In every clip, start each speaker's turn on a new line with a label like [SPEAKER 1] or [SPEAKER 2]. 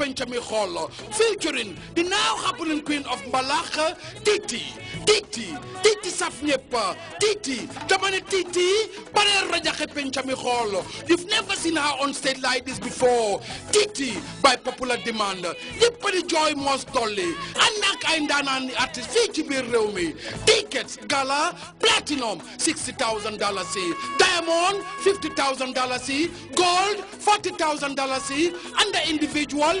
[SPEAKER 1] Penchami Hall featuring the now happening queen of Malaka, Titi. Titi, Titi Safnepa, Titi dama ne Titi pareel rajaxe penca mi xool you've never seen her on stage like this before Titi by popular demand ñëpp di jooy Mos Dolly ànd ak ay ndaanaan artiste tickets gala platinum sixty thousand dollars yi diamond fifty thousand dollars yi gold forty thousand dollars yi and the individual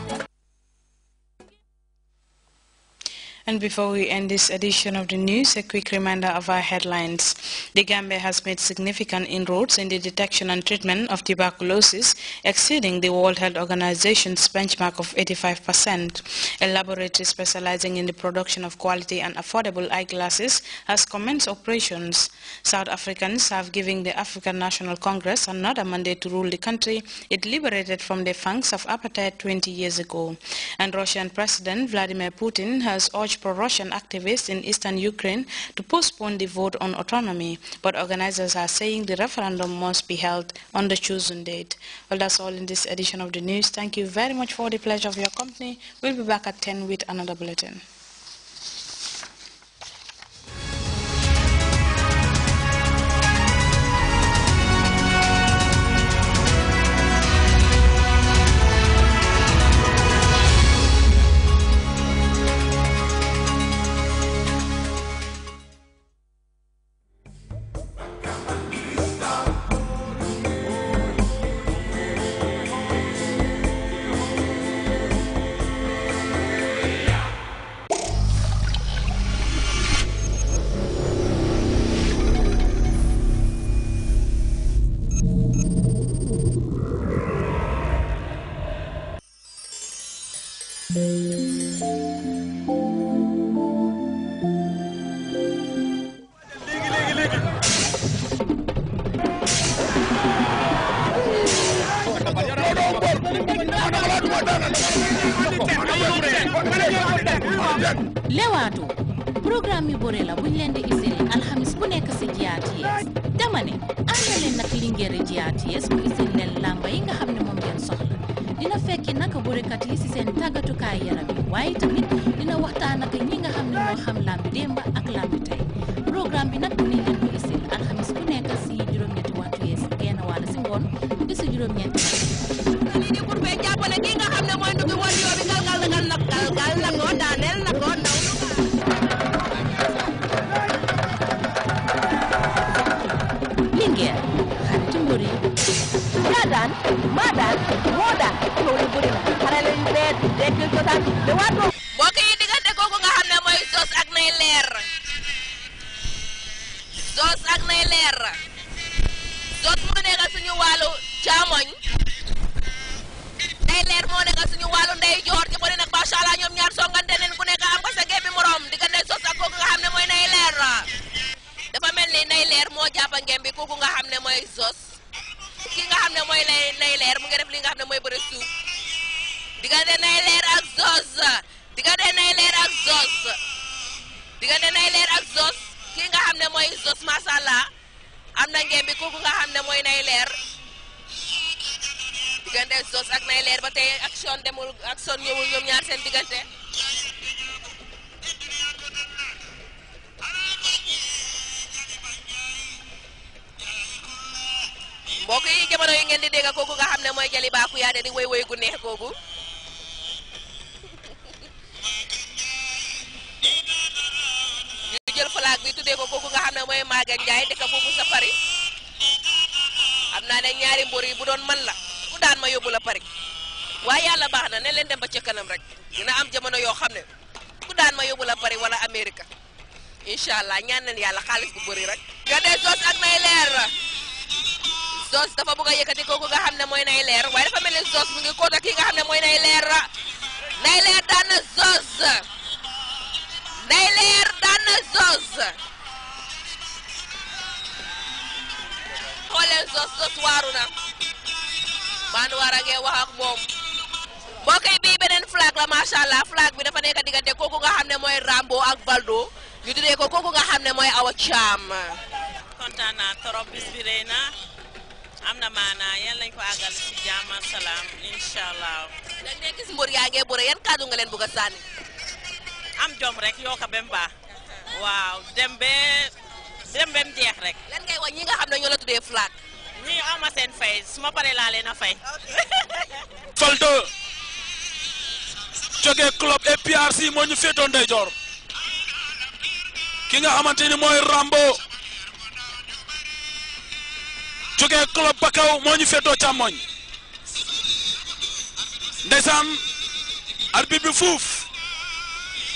[SPEAKER 1] And before we end this edition of the news, a quick reminder of our headlines. The Gambia has made significant inroads in the detection and treatment of tuberculosis, exceeding the World Health Organization's benchmark of 85%. A laboratory specializing in the production of quality and affordable eyeglasses has commenced operations. South Africans have given the African National Congress another mandate to rule the country it liberated from the fangs of apartheid 20 years ago. And Russian President Vladimir Putin has urged urged pro-Russian activists in eastern Ukraine to postpone the vote on autonomy, but organizers are saying the referendum must be held on the chosen date. Well, that's all in this edition of the news. Thank you very much for the pleasure of your company. We'll be back at 10 with another bulletin. yaatu lewaatu programme yu bëre la buñ leen di isil alxamis bu nekk si GRTS dama am na leen nag lingeere GRTS mu isil leen làmba yi nga xam ne moom ngeen soxla dina fekki naka bërekat yi si seen tàggatukaay yaram yi waaye tamit dina waxtaan ak ñi nga xam ne moo xam làmbi démba ak làmbi tey programme bi nag ndey joor gi bëri nag macha allah ñaar songante neen ku nekk am ko sa géeb bi morom diggante sos ak kooku nga xam ne mooy nay leer dafa mel ni nay leer moo jàpp ngem bi kooku nga xam ne mooy sos ki nga xam ne mooy nay leer mu ngi li nga xam ne mooy bëri suuf diggante nay leer ak sos diggante nay leer ak sos diggante nay leer ak sos ki nga xam ne mooy sos macha am na ngem bi kooku nga xam ne mooy nay leer diggante sos ak nay leer ba tey son demul ak son ñëwul ñoom ñaar seen diggante mbokk yi jamono yi ngeen di dégg kooku nga xam ne mooy Jali Ba Kuyaate di woy woy gu neex googu ñu jël flag bi tuddee ko kooku nga xam ne mooy Maga Ndiaye dëkk foofu sa Paris xam naa ne ñaari mbor yi bu doon man la ku daan ma yóbbu la Paris waaye yàlla baax na ne leen dem ba ca kanam rek dina am jamono yoo xam ne ku daan ma yóbbu la Paris wala Amérique incha allah ñaan nañu yàlla xaalis bu bëri rek. nga ne Zoss ak nay leer Zoss dafa bëgg a yëkkati kooku nga xam ne mooy nay leer waaye dafa mel ni mu ngi kóota ki nga xam ne mooy nay leer daan na Zoss nay leer daan na Zoss waaru na Manouar a ngi wax moom. mbokk yi bii beneen flag la macha allah flag bi dafa nekk diggante kooku nga xam ne mooy Rambo ak Valdo ñu tuddee ko kooku nga xam ne mooy Awa Caam. kontaan naa trop bis na am na maanaa yan lañ ko àggal si jàmm ak salaam incha allah. dañ ne gis mbër ngee bëre yan kàddu nga leen bëgg a sànni. am jom rek yoo ko bem waaw dem bee dem bem jeex rek. lan ngay wax ñi nga xam ñoo la tuddee flag. ñi ama seen fay su ma paree laa leen a fay. jógee club APRC moo ñu féetoon ndeyjoor ki nga xamante ni mooy Rambo jógee club Bakaw moo ñu féetoo càmmoñ ndeysaan arbitre bi fuuf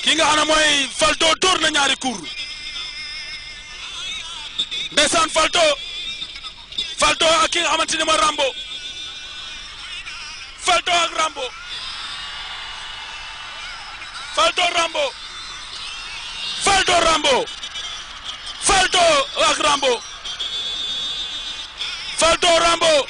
[SPEAKER 1] ki nga xam ne mooy Falto dóor na ñaari kur ndeysaan Falto Falto ak ki nga xamante ni mooy Rambo Falto ak Rambo ¡Falto Rambo! ¡Falto Rambo! ¡Falto Rambo! ¡Falto Rambo!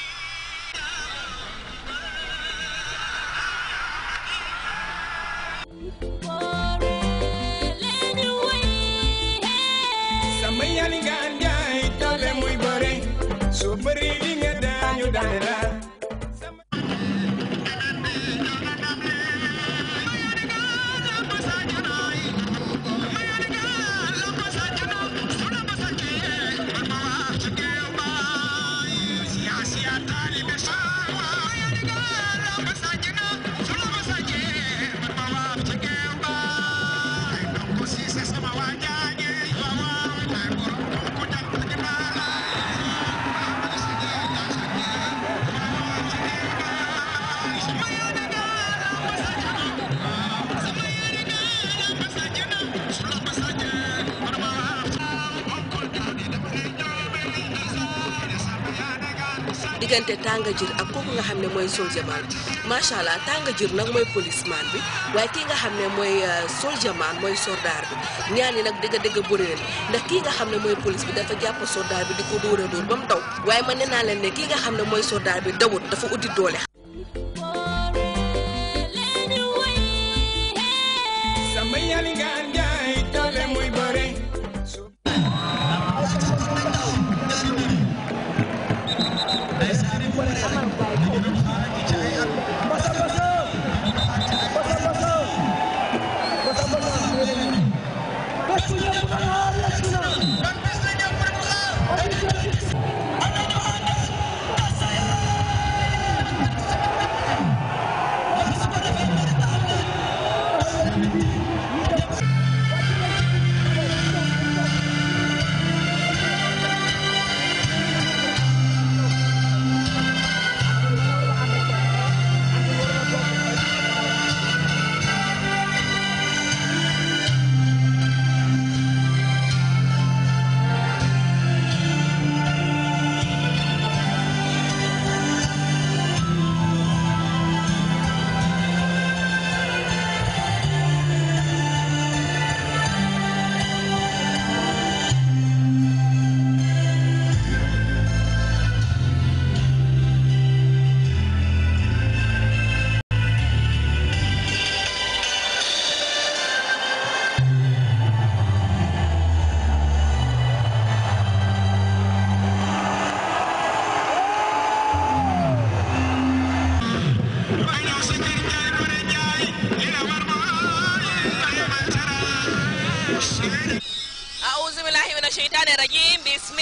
[SPEAKER 1] diggante tàngajir ak kooku nga xam ne mooy soldier man macha allah tàngajir nag mooy policeman bi waaye kii nga xam ne mooy euh, soldier man mooy soldaar bi ñaani nag dëgg dëgg bëri na ndax kii nga xam ne mooy police bi dafa jàpp soldaar bi di ko dóor a dóor ba daw waaye ma nee naa leen ne kii nga xam ne mooy soldaar bi dawut dafa uddi doole.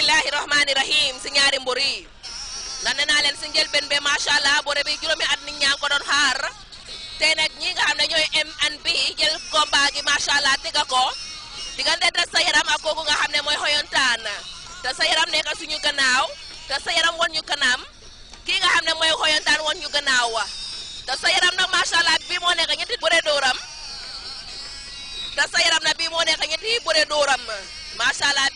[SPEAKER 1] bismillahi rahmaani rahim si ñaari mbur yi ndax nee naa leen si njëlbeen be macha allah boo demee juróomi at nit ñaa ko doon xaar tey nag ñi nga xam ne ñooy MNB jël combat gi macha allah tega ko diggante tas sa yaram ak kooku nga xam ne mooy xoyontaan tas sa yaram nekk suñu gannaaw tas sa yaram won ñu kanam kii nga xam ne mooy xoyontaan won ñu gannaaw wa tas sa yaram nag macha allah bii moo nekk ñetti bëre dóoram tas sa yaram bii moo nekk ñetti bëre dóoram macha allah